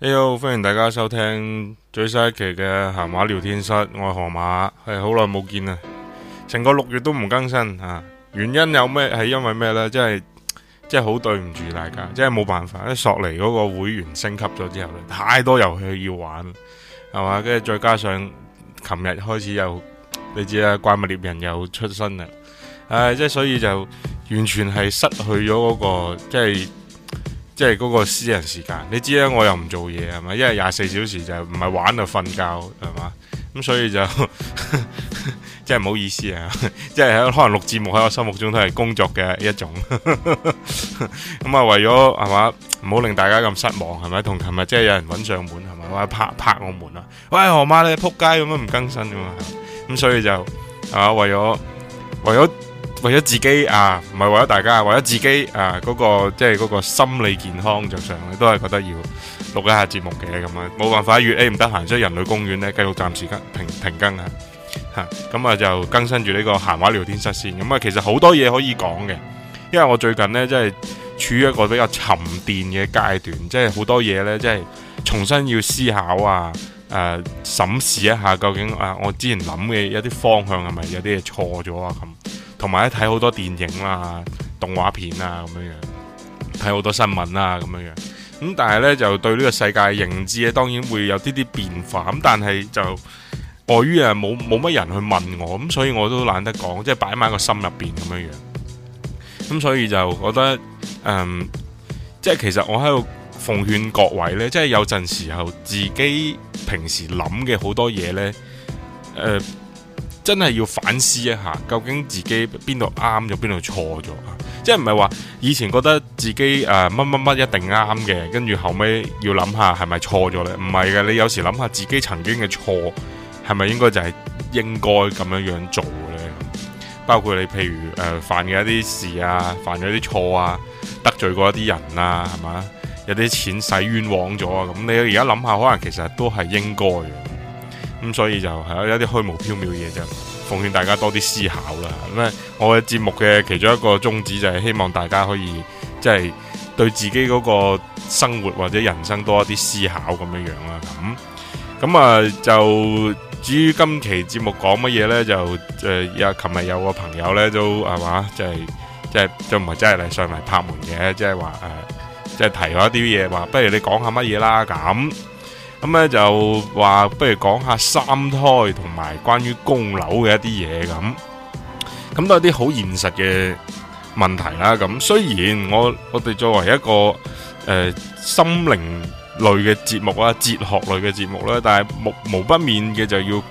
Hello，歡迎大家收聽最新一期嘅河馬聊天室。我係河馬，係好耐冇見啦，成個六月都唔更新啊。原因有咩？係因為咩呢？真係真係好對唔住大家，真係冇辦法。索尼嗰個會員升級咗之後太多遊戲要玩係嘛，跟住再加上琴日開始又你知啦、啊，怪物獵人又出新啦，唉、啊，即係所以就。完全係失去咗嗰個即係即係嗰個私人時間，你知啦，我又唔做嘢係咪？因為廿四小時就唔係玩就瞓覺係嘛，咁所以就呵呵即係唔好意思啊，即係喺可能錄節目喺我心目中都係工作嘅一種，咁啊為咗係嘛，唔好令大家咁失望係咪？同琴日即係有人搵上門係咪？或者拍拍我門啊，喂何媽你撲街咁樣唔更新噶嘛，咁所以就係嘛，為咗為咗。為咗自己啊，唔係為咗大家，為咗自己啊，嗰、嗰個即係個心理健康著想，都係覺得要錄一下節目嘅咁樣，冇辦法越，越 A 唔得閒，所以人類公園呢，繼續暫時跟停停更啊，吓、啊，咁啊就更新住呢個閒話聊天室先。咁啊，其實好多嘢可以講嘅，因為我最近呢，即係處於一個比較沉澱嘅階段，即係好多嘢呢，即係重新要思考啊，誒、啊，審視一下究竟啊，我之前諗嘅一啲方向係咪有啲嘢錯咗啊咁。同埋睇好多電影啦、動畫片啦咁樣樣，睇好多新聞啦咁樣樣，咁、嗯、但係呢，就對呢個世界認知呢，當然會有啲啲變化。咁、嗯、但係就外於啊冇冇乜人去問我，咁所以我都懶得講，即係擺埋個心入邊咁樣樣。咁、嗯、所以就覺得，嗯，即係其實我喺度奉勸各位呢，即係有陣時候自己平時諗嘅好多嘢呢。誒、呃。真係要反思一下，究竟自己邊度啱咗，邊度錯咗？即係唔係話以前覺得自己誒乜乜乜一定啱嘅，跟住後尾要諗下係咪錯咗呢？唔係嘅，你有時諗下自己曾經嘅錯係咪應該就係應該咁樣樣做呢？包括你譬如誒犯嘅一啲事啊，犯咗啲錯啊，得罪過一啲人啊，係嘛？有啲錢使冤枉咗啊，咁你而家諗下，可能其實都係應該嘅。咁、嗯、所以就係有啲虛無縹緲嘅嘢就奉勸大家多啲思考啦。咁啊，我嘅節目嘅其中一個宗旨就係希望大家可以即係、就係、對自己嗰個生活或者人生多一啲思考咁樣樣啦。咁咁啊，就至於今期節目講乜嘢呢？就誒有琴日有個朋友呢，都係嘛，即係即係就唔、係、係、就係、真係嚟上嚟拍門嘅，即係話誒，即、呃、係、即係、提咗一啲嘢話，話不如你講下乜嘢啦咁。咁咧就話不如講下三胎同埋關於供樓嘅一啲嘢咁，咁都係啲好現實嘅問題啦。咁雖然我我哋作為一個誒、呃、心靈類嘅節目啦、哲學類嘅節目啦，但係無無不免嘅就要誒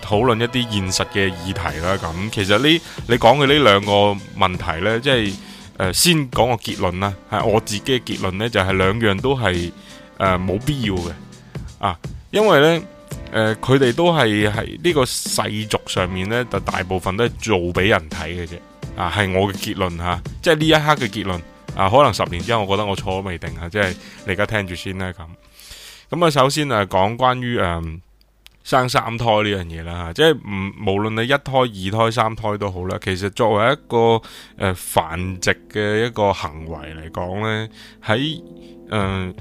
討論一啲現實嘅議題啦。咁其實呢，你講嘅呢兩個問題呢，即係誒、呃、先講個結論啦，係我自己嘅結論呢，就係、是、兩樣都係誒冇必要嘅。啊，因為呢，誒、呃，佢哋都係喺呢個世俗上面呢，就大部分都係做俾人睇嘅啫。啊，係我嘅結論吓、啊，即係呢一刻嘅結論。啊，可能十年之後，我覺得我錯都未定啊，即係你而家聽住先啦。咁。咁啊，首先啊，講關於誒、呃、生三胎呢樣嘢啦，即係唔無論你一胎、二胎、三胎都好啦，其實作為一個誒、呃、繁殖嘅一個行為嚟講呢，喺誒。呃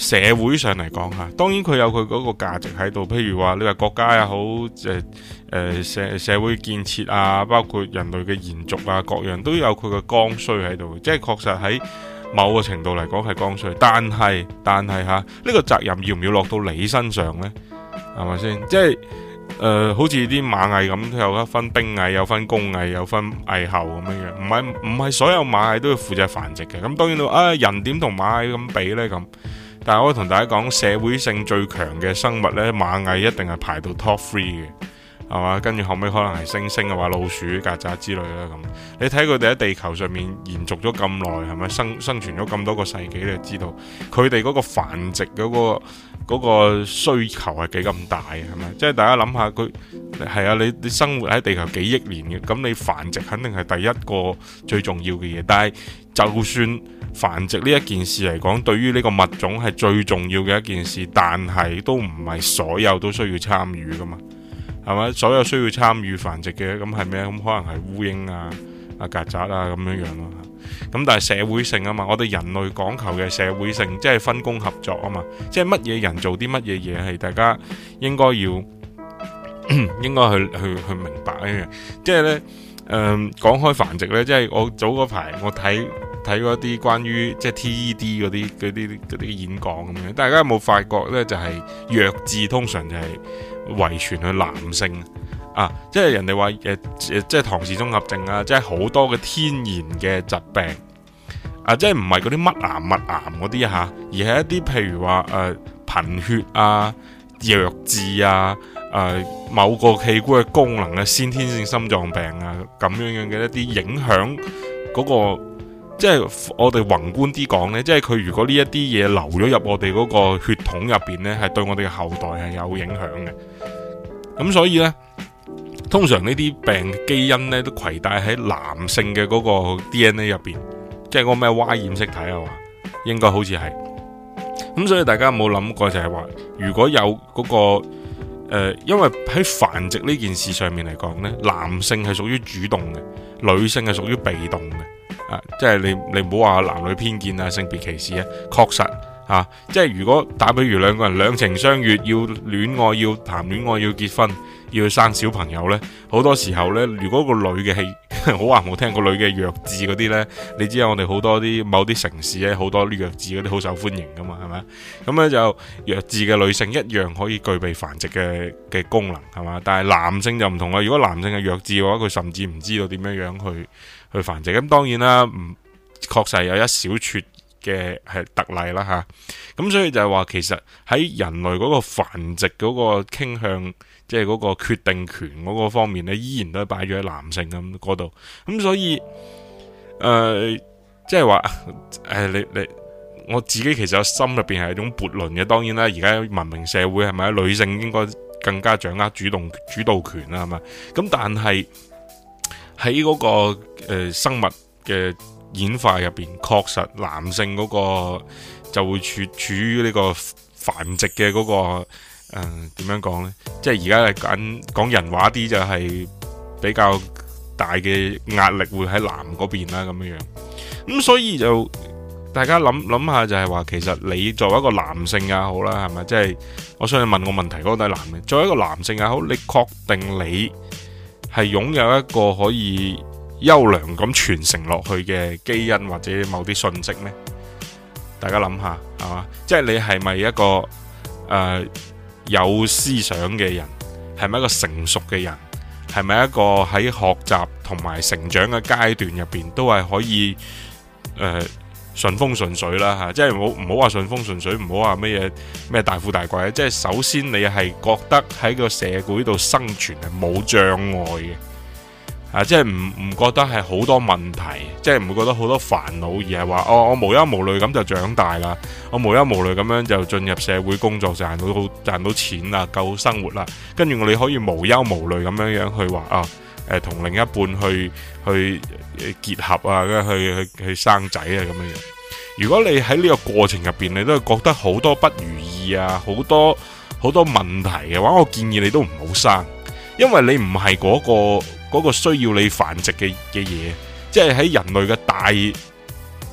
社會上嚟講吓，當然佢有佢嗰個價值喺度。譬如話你話國家也好，誒、呃、社社會建設啊，包括人類嘅延續啊，各樣都有佢嘅剛需喺度。即係確實喺某個程度嚟講係剛需，但係但係吓呢個責任要唔要落到你身上呢？係咪先？即係誒、呃，好似啲螞蟻咁，佢有一分兵蟻，有分工蟻，有分蟻後咁樣。唔係唔係所有螞蟻都要負責繁殖嘅。咁當然啦，啊人點同螞蟻咁比呢？咁？但係我同大家講，社會性最強嘅生物呢，螞蟻一定係排到 Top Three 嘅。係嘛，跟住後尾可能係星星啊，話老鼠、曱甴之類啦。咁你睇佢哋喺地球上面延續咗咁耐，係咪生生存咗咁多個世紀？你就知道佢哋嗰個繁殖嗰個嗰個需求係幾咁大？係咪即係大家諗下佢係啊？你你生活喺地球幾億年嘅，咁你繁殖肯定係第一個最重要嘅嘢。但係就算繁殖呢一件事嚟講，對於呢個物種係最重要嘅一件事，但係都唔係所有都需要參與噶嘛。係所有需要參與繁殖嘅，咁係咩？咁可能係烏蠅啊、啊曱甴啊咁樣樣咯。咁但係社會性啊嘛，我哋人類講求嘅社會性，即係分工合作啊嘛，即係乜嘢人做啲乜嘢嘢係大家應該要應該去去去明白嘅。即係呢，誒，講開繁殖呢，即係我早嗰排我睇睇嗰啲關於即係 TED 嗰啲嗰啲啲演講咁樣，大家有冇發覺呢就係弱智通常就係。遺傳去男性啊，即係人哋話誒即係唐氏綜合症啊，即係好多嘅天然嘅疾病啊，即係唔係嗰啲乜癌乜癌嗰啲嚇，而係一啲譬如話誒、呃、貧血啊、弱智啊、誒某個器官嘅功能嘅、啊、先天性心臟病啊咁樣樣嘅一啲影響嗰、嗰個。即係我哋宏觀啲講呢，即係佢如果呢一啲嘢，流咗入我哋嗰個血統入邊呢，係對我哋嘅後代係有影響嘅。咁所以呢，通常呢啲病基因呢都攜帶喺男性嘅嗰個 DNA 入邊，即係嗰個咩 Y 染色體啊，話應該好似係。咁所以大家有冇諗過就係話，如果有嗰、那個、呃、因為喺繁殖呢件事上面嚟講呢，男性係屬於主動嘅，女性係屬於被動嘅。啊，即係你你唔好話男女偏見啊，性別歧視啊，確實吓，即係如果打比如兩個人兩情相悅，要戀愛要談戀愛要結婚，要去生小朋友呢，好多時候呢，如果個女嘅係好話唔好聽，個女嘅弱智嗰啲呢，你知我哋好多啲某啲城市呢，好多啲弱智嗰啲好受歡迎噶嘛，係咪？咁咧就弱智嘅女性一樣可以具備繁殖嘅嘅功能，係嘛？但係男性就唔同啦，如果男性係弱智嘅話，佢甚至唔知道點樣樣去。去繁殖咁，當然啦，唔確實有一小撮嘅係特例啦吓。咁所以就係話，其實喺人類嗰個繁殖嗰個傾向，即係嗰個決定權嗰個方面呢，依然都係擺咗喺男性咁嗰度。咁所以，誒、呃，即係話，誒，你你我自己其實心入邊係一種悖論嘅。當然啦，而家文明社會係咪女性應該更加掌握主動主導權啦？係嘛，咁但係。喺嗰、那個誒、呃、生物嘅演化入邊，確實男性嗰個就會處處於呢個繁殖嘅嗰、那個誒點、呃、樣講呢？即係而家係講人話啲，就係比較大嘅壓力會喺男嗰邊啦，咁樣樣。咁所以就大家諗諗下，想想就係話其實你作為一個男性也好啦，係咪？即、就、係、是、我上次問我問題嗰、那個都係男嘅。作為一個男性也好，你確定你？係擁有一個可以優良咁傳承落去嘅基因或者某啲信息呢，大家諗下，係嘛？即係你係咪一個誒、呃、有思想嘅人？係咪一個成熟嘅人？係咪一個喺學習同埋成長嘅階段入邊都係可以誒？呃順風順水啦，吓，即係唔好唔好話順風順水，唔好話乜嘢咩大富大貴啊！即係首先你係覺得喺個社會度生存係冇障礙嘅，啊，即係唔唔覺得係好多問題，即係唔會覺得好多煩惱，而係話哦，我無憂無慮咁就長大啦，我無憂無慮咁樣就進入社會工作，賺到賺到錢啦，夠生活啦，跟住我你可以無憂無慮咁樣樣去話啊。哦誒，同另一半去去結合啊，去去去生仔啊，咁樣。如果你喺呢個過程入邊，你都係覺得好多不如意啊，好多好多問題嘅話，我建議你都唔好生，因為你唔係嗰個嗰個需要你繁殖嘅嘅嘢，即係喺人類嘅大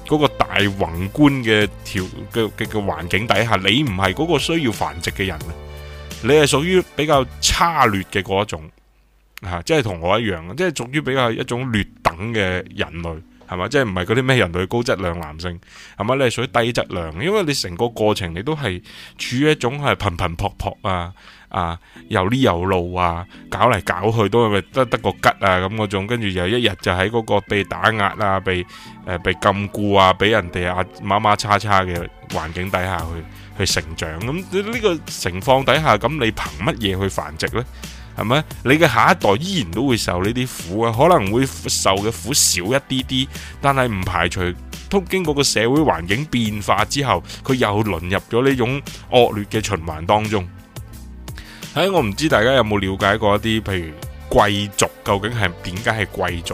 嗰個大宏觀嘅條嘅嘅環境底下，你唔係嗰個需要繁殖嘅人啊，你係屬於比較差劣嘅嗰一種。吓、啊，即係同我一樣，即係屬於比較一種劣等嘅人類，係嘛？即係唔係嗰啲咩人類高質量男性，係咪咧？你係屬於低質量，因為你成個過程你都係處於一種係頻頻撲撲啊，啊，又呢又路啊，搞嚟搞去都係得得個吉啊咁嗰種，跟住又一日就喺嗰個被打壓啊，被誒、呃、被禁錮啊，俾人哋啊馬馬叉叉嘅環境底下去去成長，咁呢個情況底下，咁你憑乜嘢去繁殖呢？係咪？你嘅下一代依然都會受呢啲苦啊，可能會受嘅苦少一啲啲，但係唔排除通經過個社會環境變化之後，佢又淪入咗呢種惡劣嘅循環當中。喺、哎、我唔知大家有冇了解過一啲，譬如貴族究竟係點解係貴族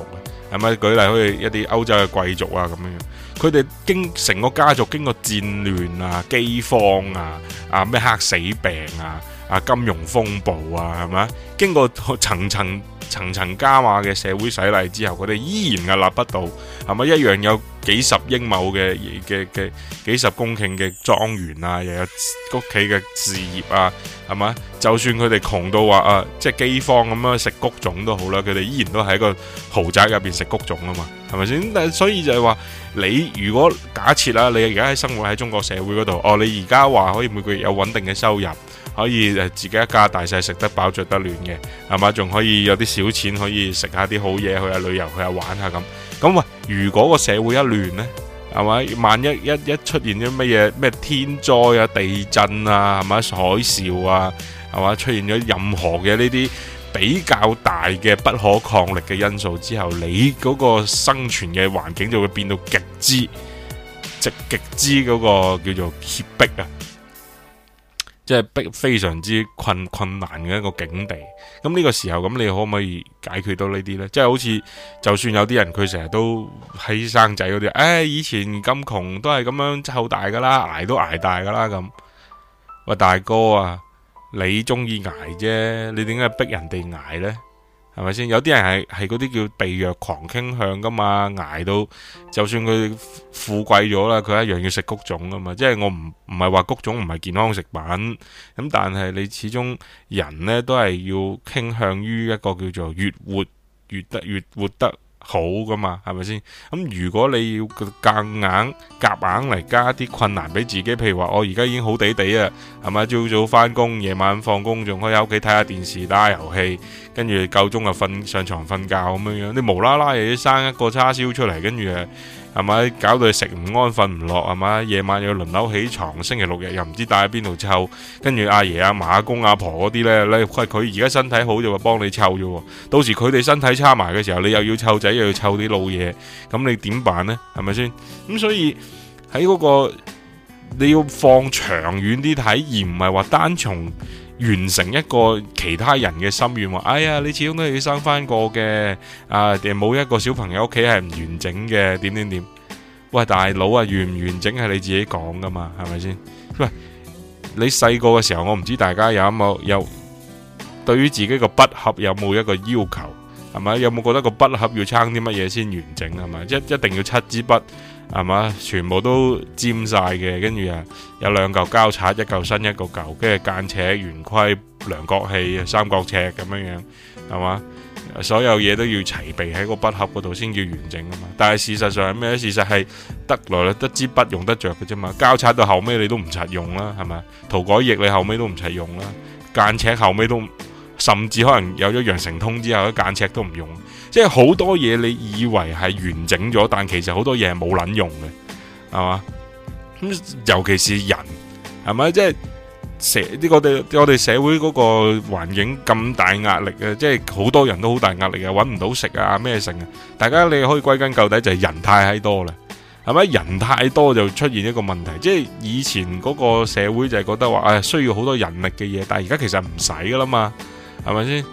嘅？係咪舉例好似一啲歐洲嘅貴族啊咁樣？佢哋經成個家族經過戰亂啊、饑荒啊、啊咩黑死病啊。啊！金融風暴啊，係咪啊？經過層層層層加碼嘅社會洗禮之後，佢哋依然屹立不倒，係咪一樣有幾十英畝嘅嘅嘅幾十公頃嘅莊園啊？又有屋企嘅事業啊，係咪？就算佢哋窮到話啊，即係饑荒咁樣食穀種都好啦，佢哋依然都喺個豪宅入邊食穀種啊嘛，係咪先？但所以就係話，你如果假設啦，你而家喺生活喺中國社會嗰度，哦，你而家話可以每個月有穩定嘅收入。可以自己一家大細食得飽、着得暖嘅，係嘛？仲可以有啲小錢可以食下啲好嘢，去下旅遊，去下玩下咁。咁喂，如果個社會一亂呢，係嘛？萬一一一出現咗乜嘢咩天災啊、地震啊，係嘛，海嘯啊，係嘛，出現咗任何嘅呢啲比較大嘅不可抗力嘅因素之後，你嗰個生存嘅環境就會變到極之，直極之嗰個叫做險迫啊！即係逼非常之困困難嘅一個境地，咁呢個時候咁你可唔可以解決到呢啲呢？即係好似就算有啲人佢成日都喺生仔嗰啲，唉、哎，以前咁窮都係咁樣湊大噶啦，挨都挨大噶啦咁。喂，大哥啊，你中意挨啫，你點解逼人哋挨呢？係咪先？有啲人係係嗰啲叫被虐狂傾向噶嘛，捱到就算佢富貴咗啦，佢一樣要食谷種噶嘛。即係我唔唔係話谷種唔係健康食品，咁但係你始終人呢都係要傾向於一個叫做越活越得越活得。好噶嘛，係咪先？咁如果你要夾硬夾硬嚟加啲困難俾自己，譬如話我而家已經好地地啊，係咪？朝早翻工，夜晚放工，仲可以喺屋企睇下電視、打下遊戲，跟住夠鐘就瞓，上床瞓覺咁樣樣，你無啦啦又要生一個叉燒出嚟，跟住。係咪搞到你食唔安，瞓唔落？係咪夜晚又要輪流起床？星期六日又唔知帶喺邊度湊？跟住阿爺、阿馬公、阿婆嗰啲呢，咧佢而家身體好就話幫你湊啫。到時佢哋身體差埋嘅時候，你又要湊仔，又要湊啲老嘢，咁你點辦呢？係咪先？咁所以喺嗰個你要放長遠啲睇，而唔係話單從。完成一個其他人嘅心願，話哎呀，你始終都要生翻個嘅啊，冇一個小朋友屋企係唔完整嘅，點點點。喂，大佬啊，完唔完整係你自己講噶嘛，係咪先？喂，你細個嘅時候，我唔知大家有冇有，有對於自己個筆盒有冇一個要求，係咪有冇覺得個筆盒要撐啲乜嘢先完整，係咪一一定要七支筆？係嘛，全部都尖晒嘅，跟住啊，有兩嚿膠擦，一嚿新，一個舊，跟住間尺、圓規、量角器、三角尺咁樣樣，係嘛，所有嘢都要齊備喺個筆盒嗰度先叫完整啊嘛。但係事實上係咩？事實係得來得支筆用得着嘅啫嘛。膠擦到後尾你都唔使用啦，係咪啊？塗改液你後尾都唔使用啦，間尺後尾都甚至可能有咗羊城通之後，間尺都唔用。即係好多嘢，你以為係完整咗，但其實好多嘢係冇撚用嘅，係嘛？咁尤其是人，係咪？即係社呢個我哋我哋社會嗰個環境咁大壓力，即係好多人都好大壓力呀，搵唔到食啊咩成啊！大家你可以歸根究底就係人太多啦，係咪？人太多就出現一個問題，即係以前嗰個社會就係覺得話，啊、需要好多人力嘅嘢，但係而家其實唔使噶啦嘛，係咪先？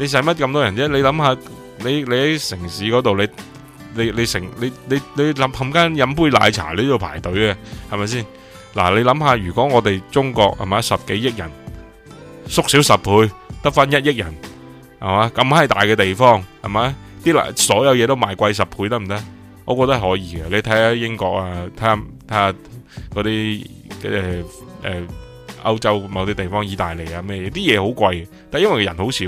你使乜咁多人啫？你諗下。你你喺城市嗰度，你你你成你你你諗冚間飲杯奶茶都要排隊啊，係咪先？嗱，你諗下，如果我哋中國係咪十幾億人，縮小十倍得翻一億人，係嘛，咁閪大嘅地方，係咪啲所有嘢都賣貴十倍得唔得？我覺得可以嘅，你睇下英國啊，睇下睇下嗰啲誒誒歐洲某啲地方，意大利啊咩嘢啲嘢好貴，但因為人好少。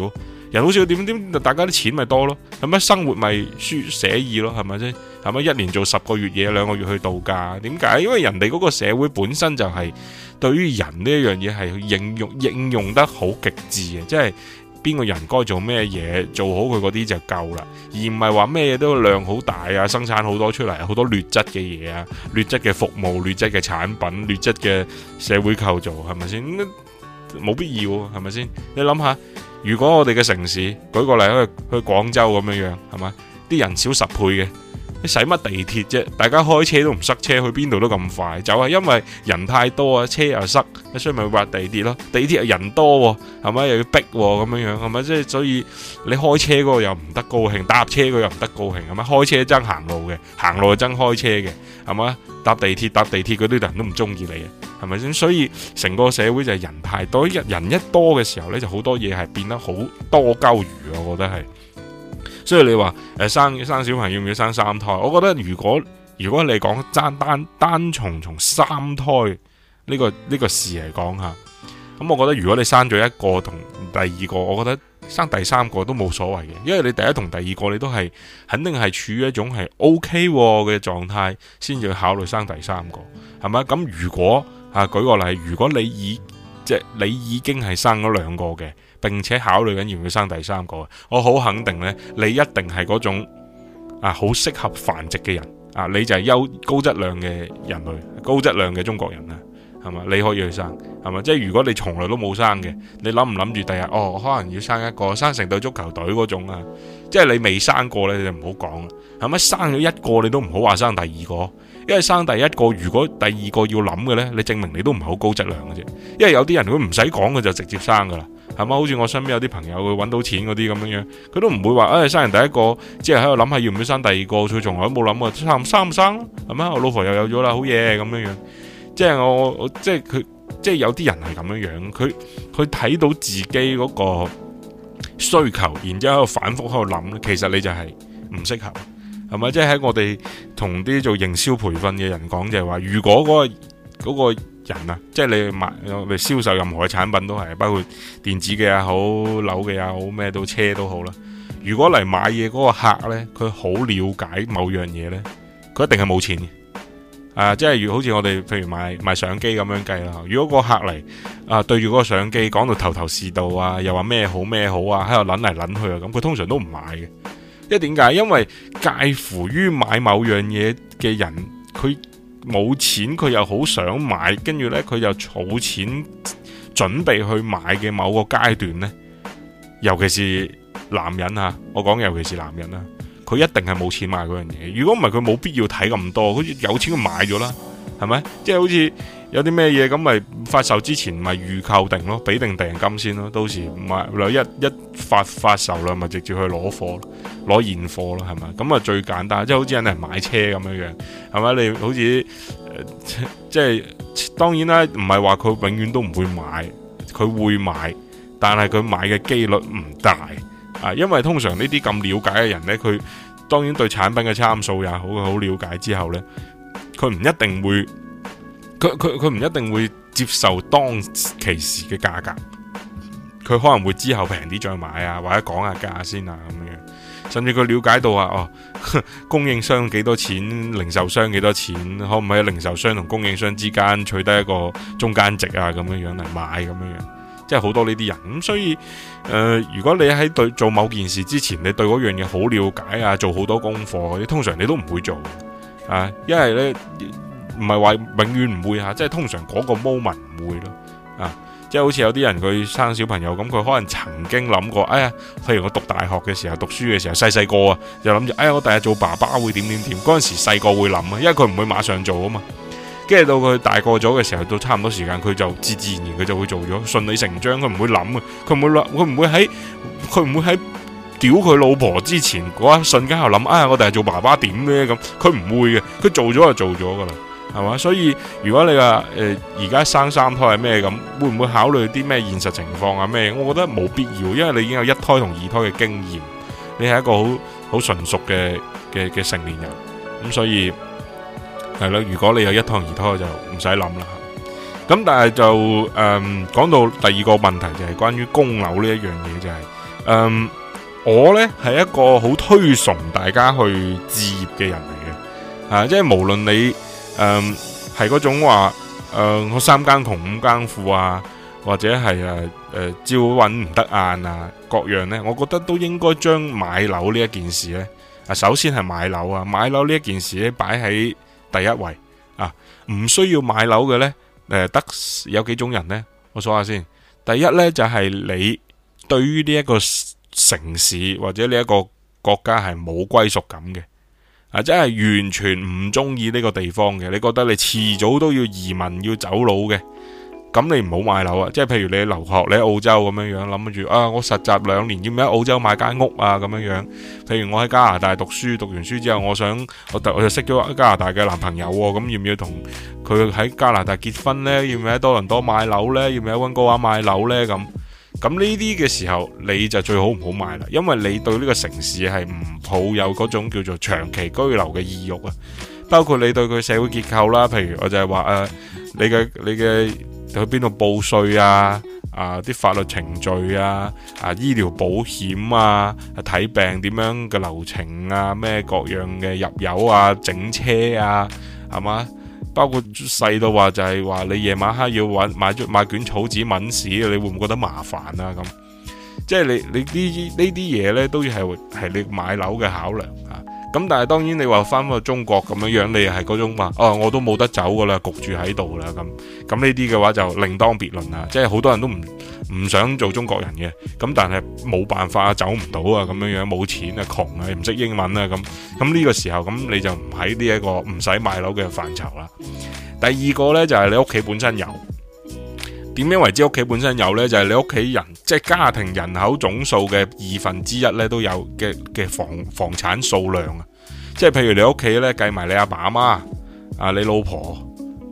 人好少點點，大家啲錢咪多咯，係咪生活咪舒寫意咯，係咪先？係咪一年做十個月嘢，兩個月去度假？點解？因為人哋嗰個社會本身就係對於人呢樣嘢係應用應用得好極致嘅，即係邊個人該做咩嘢，做好佢嗰啲就夠啦，而唔係話咩嘢都量好大啊，生產好多出嚟，好多劣質嘅嘢啊，劣質嘅服務、劣質嘅產品、劣質嘅社會構造，係咪先？冇必要，係咪先？你諗下。如果我哋嘅城市，舉個例去去廣州咁樣樣，係嘛？啲人少十倍嘅，你使乜地鐵啫？大家開車都唔塞車，去邊度都咁快，就係因為人太多啊，車又塞，所以咪挖地鐵咯。地鐵又人多喎，係咪？又要逼喎，咁樣樣係嘛？即係所以你開車嗰個又唔得高興，搭車嗰個又唔得高興，係嘛？開車爭行路嘅，行路爭開車嘅，係嘛？搭地鐵搭地鐵嗰啲人都唔中意你。係咪先？所以成個社會就係人太多，一人一多嘅時候呢，就好多嘢係變得好多鳩餘。我覺得係，所以你話誒、呃，生生小朋友要唔要生三胎？我覺得如果如果你講單單單從從三胎呢個呢個事嚟講吓，咁我覺得如果你生咗一個同第二個，我覺得生第三個都冇所謂嘅，因為你第一同第二個你都係肯定係處於一種係 OK 嘅狀態，先至考慮生第三個，係咪？咁如果啊，舉個例，如果你已即係你已經係生咗兩個嘅，並且考慮緊要唔要生第三個，我好肯定呢，你一定係嗰種啊，好適合繁殖嘅人啊，你就係優高質量嘅人類，高質量嘅中國人啊，係嘛？你可以去生，係嘛？即係如果你從來都冇生嘅，你諗唔諗住第日哦，可能要生一個，生成隊足球隊嗰種啊？即係你未生過你就唔好講啦。係咪生咗一個你都唔好話生第二個？因為生第一個，如果第二個要諗嘅呢，你證明你都唔係好高質量嘅啫。因為有啲人佢唔使講佢就直接生噶啦，係嘛？好似我身邊有啲朋友，佢搵到錢嗰啲咁樣樣，佢都唔會話，哎，生人第一個，即係喺度諗下要唔要生第二個，佢從來都冇諗啊，生唔生唔生，係嘛？我老婆又有咗啦，好嘢，咁樣樣。即係我即係佢，即係有啲人係咁樣樣，佢佢睇到自己嗰個需求，然之後反覆喺度諗，其實你就係唔適合。係咪即係喺我哋同啲做營銷培訓嘅人講，就係話，如果嗰個人啊，即係你賣我銷售任何嘅產品都係，包括電子嘅也好、樓嘅也好、咩都車都好啦。如果嚟買嘢嗰個客呢，佢好了解某樣嘢呢，佢一定係冇錢嘅啊，即係如好似我哋譬如賣賣相機咁樣計啦。如果個客嚟啊對住嗰個相機講到頭頭是道啊，又話咩好咩好啊，喺度撚嚟撚去啊咁，佢通常都唔買嘅。即係點解？因為介乎於買某樣嘢嘅人，佢冇錢，佢又好想買，跟住呢，佢又儲錢準備去買嘅某個階段呢，尤其是男人吓，我講尤其是男人啦，佢一定係冇錢買嗰樣嘢。如果唔係，佢冇必要睇咁多，好似有錢佢買咗啦，係咪？即係好似。有啲咩嘢咁咪發售之前咪預購定咯，俾定訂金先咯，到時咪一一發發售啦，咪直接去攞貨攞現貨咯，係咪？咁啊，最簡單，即係好似人哋買車咁樣樣，係咪？你好似即係當然啦，唔係話佢永遠都唔會買，佢會買，但係佢買嘅機率唔大啊，因為通常呢啲咁了解嘅人呢，佢當然對產品嘅參數也好好了解之後呢，佢唔一定會。佢佢佢唔一定會接受當其時嘅價格，佢可能會之後平啲再買啊，或者講下價先啊咁樣，甚至佢了解到啊哦，供應商幾多錢，零售商幾多錢，可唔可以喺零售商同供應商之間取得一個中間值啊咁樣樣嚟買咁樣樣，即係好多呢啲人咁，所以誒、呃，如果你喺對做某件事之前，你對嗰樣嘢好了解啊，做好多功課，你通常你都唔會做啊，因為呢。唔係話永遠唔會吓，即係通常嗰個 moment 唔會咯，啊，即係好似有啲人佢生小朋友咁，佢可能曾經諗過，哎呀，譬如我讀大學嘅時候讀書嘅時候，細細個啊，就諗住，哎呀，我第日做爸爸會點點點，嗰陣時細個會諗啊，因為佢唔會馬上做啊嘛，跟住到佢大個咗嘅時候，到差唔多時間，佢就自自然然佢就會做咗，順理成章，佢唔會諗啊，佢唔會諗，佢唔會喺佢唔會喺屌佢老婆之前嗰一瞬間又諗，哎呀，我第日做爸爸點咧咁，佢唔會嘅，佢做咗就做咗噶啦。係嘛，所以如果你話誒而家生三胎係咩咁，會唔會考慮啲咩現實情況啊咩？我覺得冇必要，因為你已經有一胎同二胎嘅經驗，你係一個好好純熟嘅嘅嘅成年人，咁所以係啦。如果你有一胎同二胎就唔使諗啦。咁但係就誒，嗯，講到第二個問題就係關於供樓呢一樣嘢就係，誒，嗯，我呢，係一個好推崇大家去置業嘅人嚟嘅，啊，即係無論你。誒，係嗰種話，誒我三更窮五更富啊，或者係誒誒朝搵唔得晏啊，各樣咧，我覺得都應該將買樓呢一件事咧，啊首先係買樓啊，買樓呢一件事咧擺喺第一位啊，唔需要買樓嘅咧，誒得有幾種人咧，我數下先，第一咧就係你對於呢一個城市或者呢一個國家係冇歸屬感嘅。啊！真係完全唔中意呢個地方嘅，你覺得你遲早都要移民，要走佬嘅，咁你唔好買樓啊。即係譬如你留學，你喺澳洲咁樣樣諗住啊，我實習兩年，要唔要喺澳洲買間屋啊？咁樣樣，譬如我喺加拿大讀書，讀完書之後，我想我，我就我就識咗加拿大嘅男朋友，咁要唔要同佢喺加拿大結婚呢？要唔要喺多倫多買樓呢？要唔要喺温哥華買樓呢？咁？咁呢啲嘅時候，你就最好唔好買啦，因為你對呢個城市係唔抱有嗰種叫做長期居留嘅意欲啊。包括你對佢社會結構啦，譬如我就係話誒，你嘅你嘅去邊度報稅啊？啊，啲法律程序啊？啊，醫療保險啊？睇病點樣嘅流程啊？咩各樣嘅入油啊？整車啊？係嘛？包括細到話就係、是、話你夜晚黑要揾買，買卷，買卷草紙搵屎，你會唔會覺得麻煩啊？咁即係你你啲呢啲嘢咧，都要係係你買樓嘅考量啊。咁但係當然你話翻翻中國咁樣樣，你係嗰種話、啊，我都冇得走噶啦，焗住喺度啦咁。咁呢啲嘅話就另當別論啦。即係好多人都唔唔想做中國人嘅。咁但係冇辦法走唔到啊，咁樣樣冇錢啊，窮啊，唔識英文啊咁。咁呢個時候咁你就唔喺呢一個唔使買樓嘅範疇啦。第二個呢，就係你屋企本身有。點樣為之屋企本身有呢？就係你屋企人，即係家庭人口總數嘅二分之一呢，都有嘅嘅房房產數量啊！即係譬如你屋企咧，計埋你阿爸阿媽啊，你老婆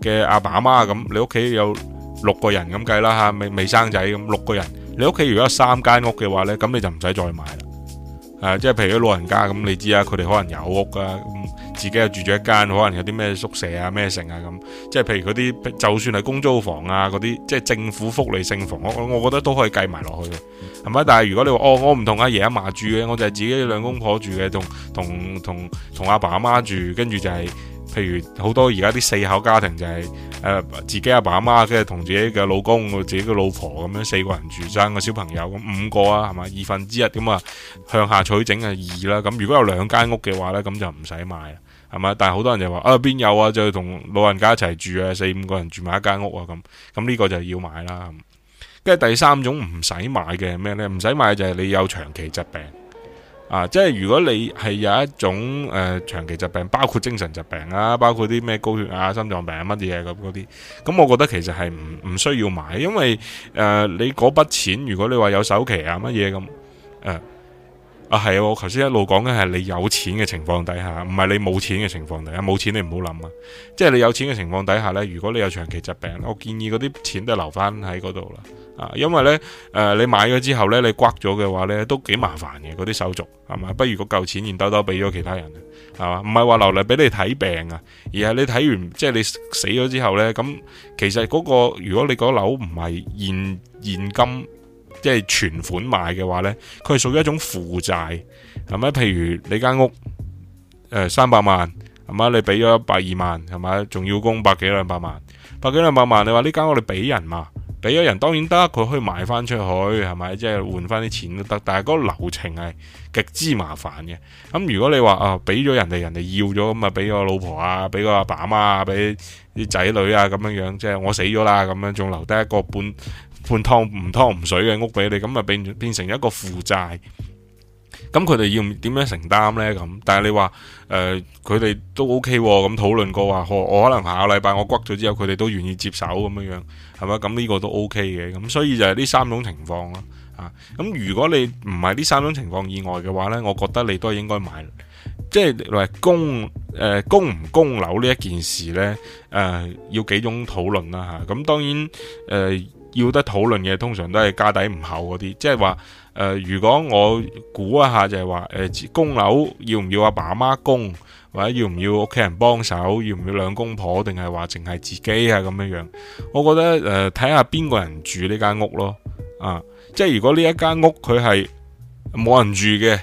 嘅阿爸阿媽咁，你屋企有六個人咁計啦吓，未未生仔咁六個人，你屋企如果有三間屋嘅話呢，咁你就唔使再買啦。啊，即係譬如啲老人家咁，你知啊，佢哋可能有屋啊，自己又住咗一間，可能有啲咩宿舍啊，咩城啊咁，即係譬如嗰啲就算係公租房啊，嗰啲即係政府福利性房屋，我我覺得都可以計埋落去，係咪？但係如果你話哦，我唔同阿爺阿嫲住嘅，我就係自己兩公婆住嘅，同同同同阿爸阿媽住，跟住就係。譬如好多而家啲四口家庭就係、是、誒、呃、自己阿爸阿媽，跟住同自己嘅老公自己嘅老婆咁樣四個人住，生個小朋友咁五個啊係嘛，二分之一咁啊，向下取整係二啦。咁如果有兩間屋嘅話呢，咁就唔使買係係嘛，但係好多人就話啊，邊有啊，就同老人家一齊住啊，四五個人住埋一間屋啊，咁咁呢個就要買啦。跟住第三種唔使買嘅係咩呢？唔使買就係你有長期疾病。啊，即係如果你係有一種誒、呃、長期疾病，包括精神疾病啊，包括啲咩高血壓、心臟病啊乜嘢咁嗰啲，咁我覺得其實係唔唔需要買，因為誒、呃、你嗰筆錢，如果你話有首期啊乜嘢咁誒。啊，係、啊、我頭先一路講緊係你有錢嘅情況底下，唔係你冇錢嘅情況底下，冇錢你唔好諗啊！即係你有錢嘅情況底下呢，如果你有長期疾病，我建議嗰啲錢都留翻喺嗰度啦，啊，因為呢，誒、呃，你買咗之後呢，你刮咗嘅話呢，都幾麻煩嘅嗰啲手續，係嘛？不如嗰嚿錢現兜兜俾咗其他人，係嘛？唔係話留嚟俾你睇病啊，而係你睇完，即係你死咗之後呢，咁、嗯、其實嗰、嗰個如果你嗰樓唔係現現金。即係存款買嘅話呢，佢係屬於一種負債，係咪？譬如你間屋三百萬，係咪？你俾咗一百二萬，係咪？仲要供百幾兩百萬，百幾兩百萬，你話呢間屋你俾人嘛？俾咗人當然得，佢可以賣翻出去，係咪？即係換翻啲錢都得，但係嗰個流程係極之麻煩嘅。咁如果你話啊，俾咗人哋，人哋要咗，咁啊俾個老婆啊，俾個阿爸阿媽啊，俾啲仔女啊咁樣樣，即係我死咗啦咁樣，仲留低一個半半湯唔湯唔水嘅屋俾你，咁咪變變成一個負債。咁佢哋要點樣承擔呢？咁但係你話誒，佢、呃、哋都 ok 咁討論過的話，我我可能下個禮拜我骨咗之後，佢哋都願意接手咁樣樣，係咪？咁呢個都 ok 嘅。咁所以就係呢三種情況咯。咁、啊、如果你唔係呢三種情況以外嘅話呢，我覺得你都係應該買，即係嚟供誒供唔供樓呢一件事呢，誒、呃，要幾種討論啦吓。咁、啊、當然誒。呃要得討論嘅通常都係家底唔厚嗰啲，即係話誒，如果我估一下就係話誒，供樓要唔要阿爸媽供，或者要唔要屋企人幫手，要唔要兩公婆，定係話淨係自己啊咁樣樣。我覺得誒，睇下邊個人住呢間屋咯，啊，即係如果呢一間屋佢係冇人住嘅。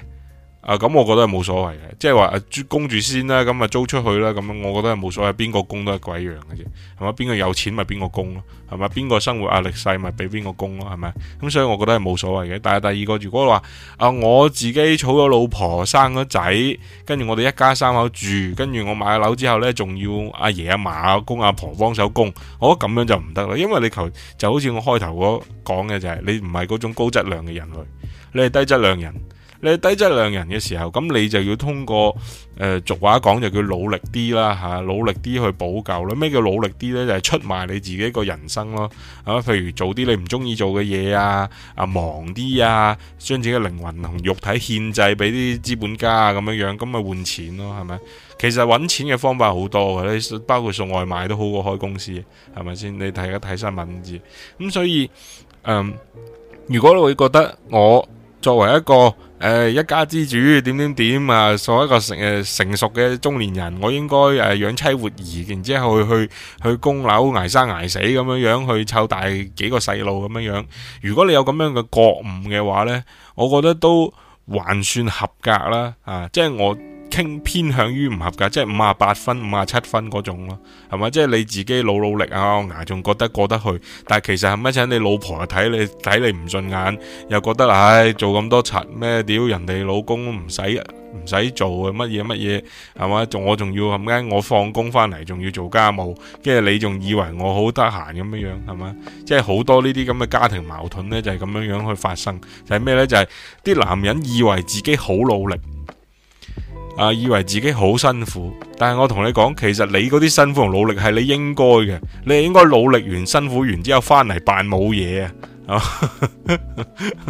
啊咁，我覺得係冇所謂嘅，即係話租供住先啦，咁啊租出去啦，咁我覺得係冇所謂，邊個供都係鬼一樣嘅啫，係咪？邊個有錢咪邊個供咯，係咪？邊個生活壓力細咪俾邊個供咯，係咪？咁所以，我覺得係冇所謂嘅。但係第二個，如果話啊，我自己儲咗老婆生咗仔，跟住我哋一家三口住，跟住我買咗樓之後呢，仲要阿爺阿嫲阿公阿婆幫手供，我覺得咁樣就唔得啦，因為你求就好似我開頭嗰講嘅就係、是、你唔係嗰種高質量嘅人類，你係低質量人。你低質量人嘅時候，咁你就要通過誒、呃，俗話講就叫努力啲啦吓，努力啲去補救啦。咩叫努力啲呢？就係、是、出賣你自己個人生咯。譬如做啲你唔中意做嘅嘢啊，啊忙啲啊，將自己靈魂同肉體獻祭俾啲資本家咁樣樣，咁咪換錢咯，係咪？其實搵錢嘅方法好多嘅，你包括送外賣都好過開公司，係咪先？你睇一睇新聞知咁，所以嗯、呃，如果你會覺得我作為一個。誒、呃，一家之主點點點啊，作為一個成誒成熟嘅中年人，我應該誒養妻活兒，然之後去去去供樓捱生捱死咁樣樣去湊大幾個細路咁樣樣。如果你有咁樣嘅覺悟嘅話呢，我覺得都還算合格啦，啊，即係我。傾偏向於唔合格，即係五十八分、五十七分嗰種咯，係嘛？即係你自己努努力啊，我牙仲覺得過得去，但係其實係乜啫？你老婆又睇你睇你唔順眼，又覺得唉、哎、做咁多賊咩？屌人哋老公唔使唔使做啊，乜嘢乜嘢係嘛？仲我仲要咁解，我放工翻嚟仲要做家務，跟住你仲以為我好得閒咁樣樣，係嘛？即係好多呢啲咁嘅家庭矛盾呢，就係咁樣樣去發生，就係、是、咩呢？就係、是、啲男人以為自己好努力。啊！以為自己好辛苦，但係我同你講，其實你嗰啲辛苦同努力係你應該嘅，你應該努力完、辛苦完之後辦，翻嚟扮冇嘢。係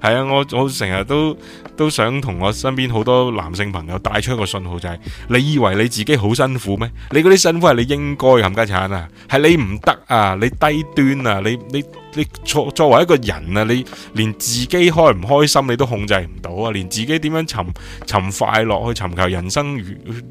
啊，我我成日都都想同我身邊好多男性朋友帶出一個信號，就是，就係你以為你自己好辛苦咩？你嗰啲辛苦係你應該冚家鏟啊，係你唔得啊，你低端啊，你你你作作為一個人啊，你連自己開唔開心你都控制唔到啊，連自己點樣尋尋快樂去尋求人生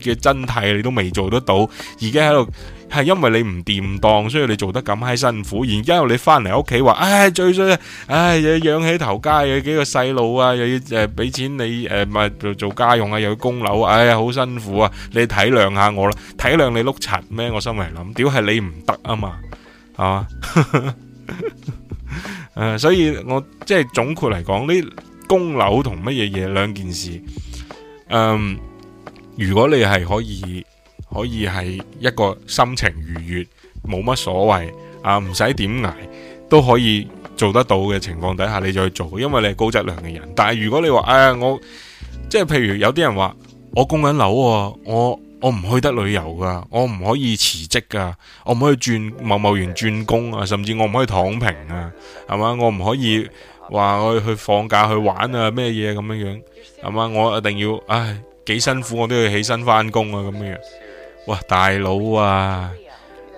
嘅真諦，你都未做得到，而家喺度。係因為你唔掂當，所以你做得咁閪辛苦。然之後你翻嚟屋企話，唉、哎、最衰，唉又要養起頭家，有幾個細路啊，又要誒俾、呃、錢你誒，咪、呃呃、做,做家用啊，又要供樓，哎呀好、呃、辛苦啊！你體諒下我啦，體諒你碌柒咩？我心嚟諗，屌係你唔得啊嘛，係嘛、 呃？所以我即係總括嚟講，呢供樓同乜嘢嘢兩件事。嗯，如果你係可以。可以係一個心情愉悅，冇乜所謂啊，唔使點挨都可以做得到嘅情況底下，你就去做，因為你係高質量嘅人。但係如果你話，誒、哎，我即係譬如有啲人話，我供緊樓，啊，我我唔去得旅遊㗎，啊，我唔可以辭職㗎，我唔可以轉某某員轉工啊，甚至我唔可以躺平啊，係嘛，我唔可以話去去放假去玩啊，咩嘢咁樣樣，係嘛，我一定要，唉、哎，幾辛苦我都要起身返工啊，咁樣樣。哇，大佬啊！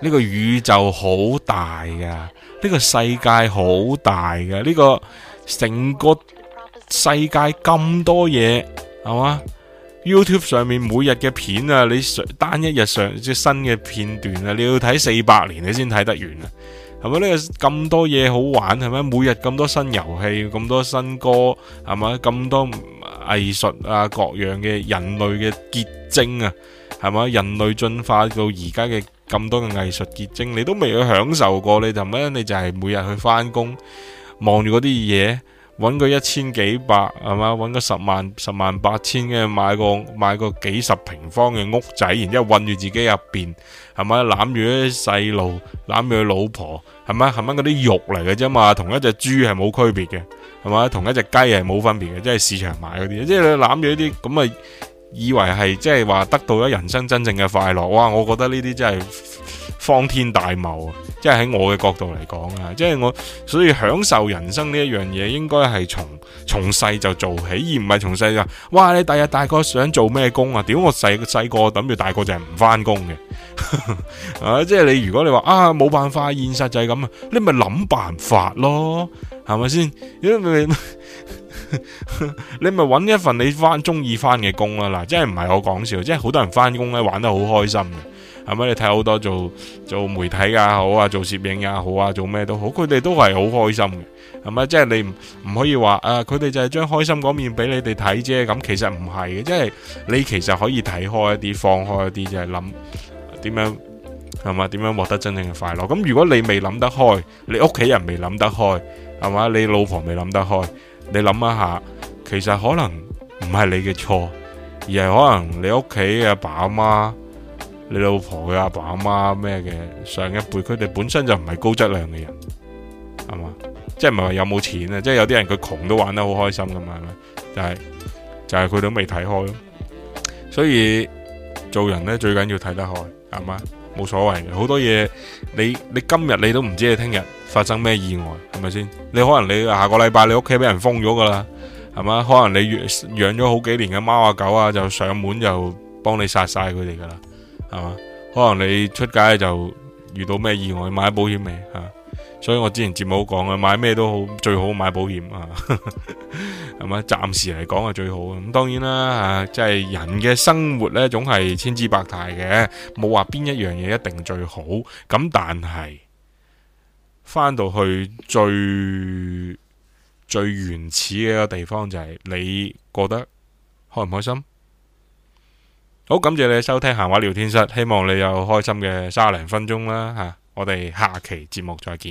呢個宇宙好大噶，呢個世界好大噶，呢個成個世界咁多嘢係嘛？YouTube 上面每日嘅片啊，你單一日上只新嘅片段啊，你要睇四百年你先睇得完啊，係咪？呢個咁多嘢好玩係咪？每日咁多新遊戲，咁多新歌係咪？咁多藝術啊，各樣嘅人類嘅結晶啊！係嘛？人類進化到而家嘅咁多嘅藝術結晶，你都未去享受過，你就乜？你就係每日去翻工，望住嗰啲嘢，揾個一千幾百，係嘛？揾個十萬、十萬八千嘅買個買個幾十平方嘅屋仔，然之後韞住自己入面，係嘛？攬住啲細路，攬住佢老婆，係咪？係咪？嗰啲肉嚟嘅啫嘛，同一隻豬係冇區別嘅，係嘛？同一隻雞係冇分別嘅，即係市場買嗰啲，即係你攬住啲咁啊！以為係即係話得到咗人生真正嘅快樂，哇！我覺得呢啲真係荒天大謬啊！即係喺我嘅角度嚟講啊，即係我所以享受人生呢一樣嘢，應該係從從細就做起，而唔係從細就話哇！你第日大個想做咩工啊？點我細個細個諗住大個就係唔翻工嘅啊！即係你如果你話啊冇辦法，現實就係咁啊，你咪諗辦法咯，係咪先？因為 你咪揾一份你翻中意翻嘅工啦。嗱，即係唔係我講笑，即係好多人翻工咧玩得好開心嘅係咪？你睇好多做做媒體也好啊，做攝影也好啊，做咩都好，佢哋都係好開心嘅係咪？即係你唔唔可以話啊？佢哋就係將開心嗰面俾你哋睇啫。咁其實唔係嘅，即係你其實可以睇開一啲，放開一啲，就係諗點樣係嘛？點樣獲得真正嘅快樂？咁如果你未諗得開，你屋企人未諗得開，係嘛？你老婆未諗得開？你諗一下，其實可能唔係你嘅錯，而係可能你屋企嘅阿爸阿媽、你老婆嘅阿爸阿媽咩嘅上一輩，佢哋本身就唔係高質量嘅人，係嘛？即係唔係話有冇錢啊？即係有啲人佢窮都玩得好開心噶嘛？但係就係佢都未睇開咯。所以做人呢，最緊要睇得開，係嘛？冇所謂嘅，好多嘢，你你今日你都唔知，你聽日發生咩意外係咪先？你可能你下個禮拜你屋企俾人封咗噶啦，係嘛？可能你養咗好幾年嘅貓啊狗啊，就上門就幫你殺晒佢哋噶啦，係嘛？可能你出街就遇到咩意外，買咗保險未吓？所以我之前節目講嘅買咩都好，最好買保險啊，係咪？暫時嚟講係最好嘅。咁當然啦，啊，即係人嘅生活呢，總係千姿百態嘅，冇話邊一樣嘢一定最好。咁但係返到去最最原始嘅一個地方就係你覺得開唔開心？好，感謝你收聽閒話聊天室，希望你有開心嘅三十零分鐘啦吓，啊，我哋下期節目再見。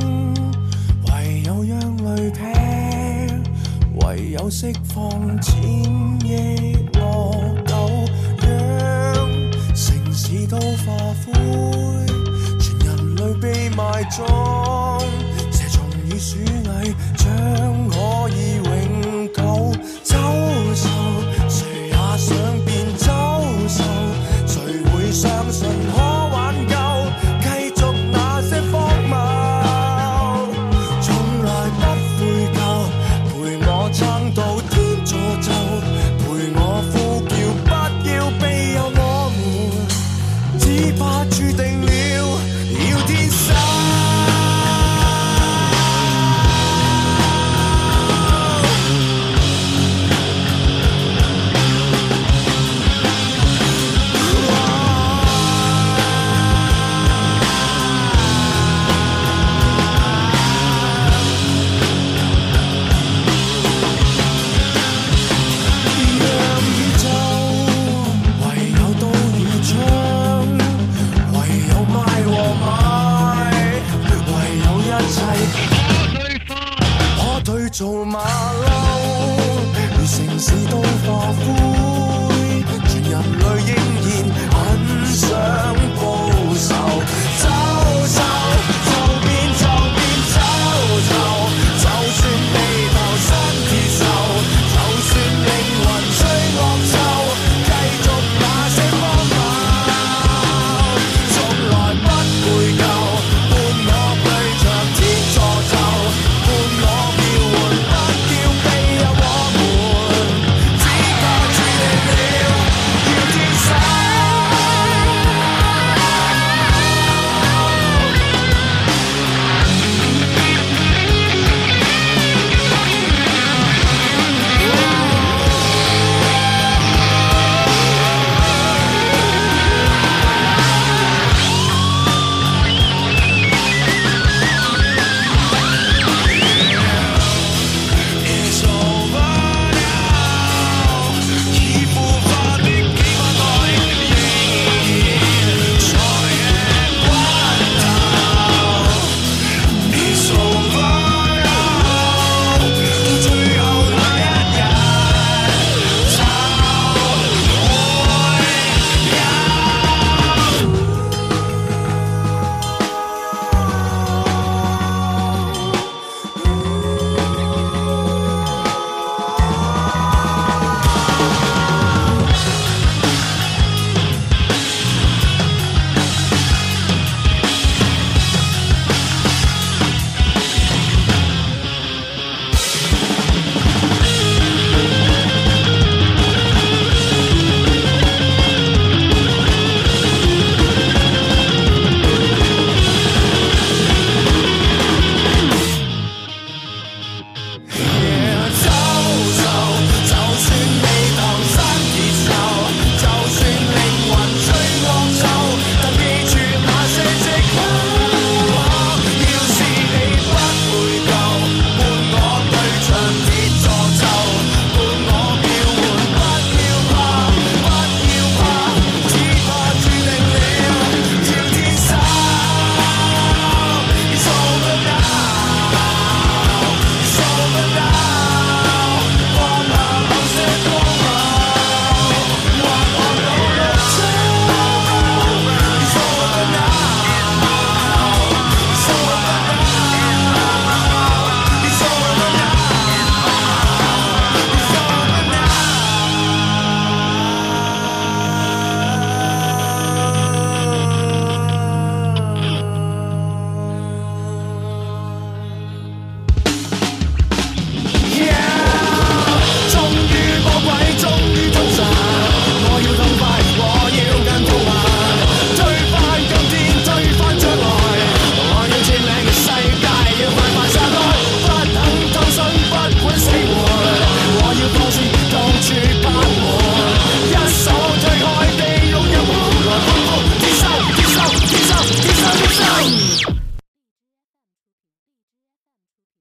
唯有釋放千億惡鬥，讓城市都化灰，全人類被埋葬，蛇蟲與鼠蟻將我。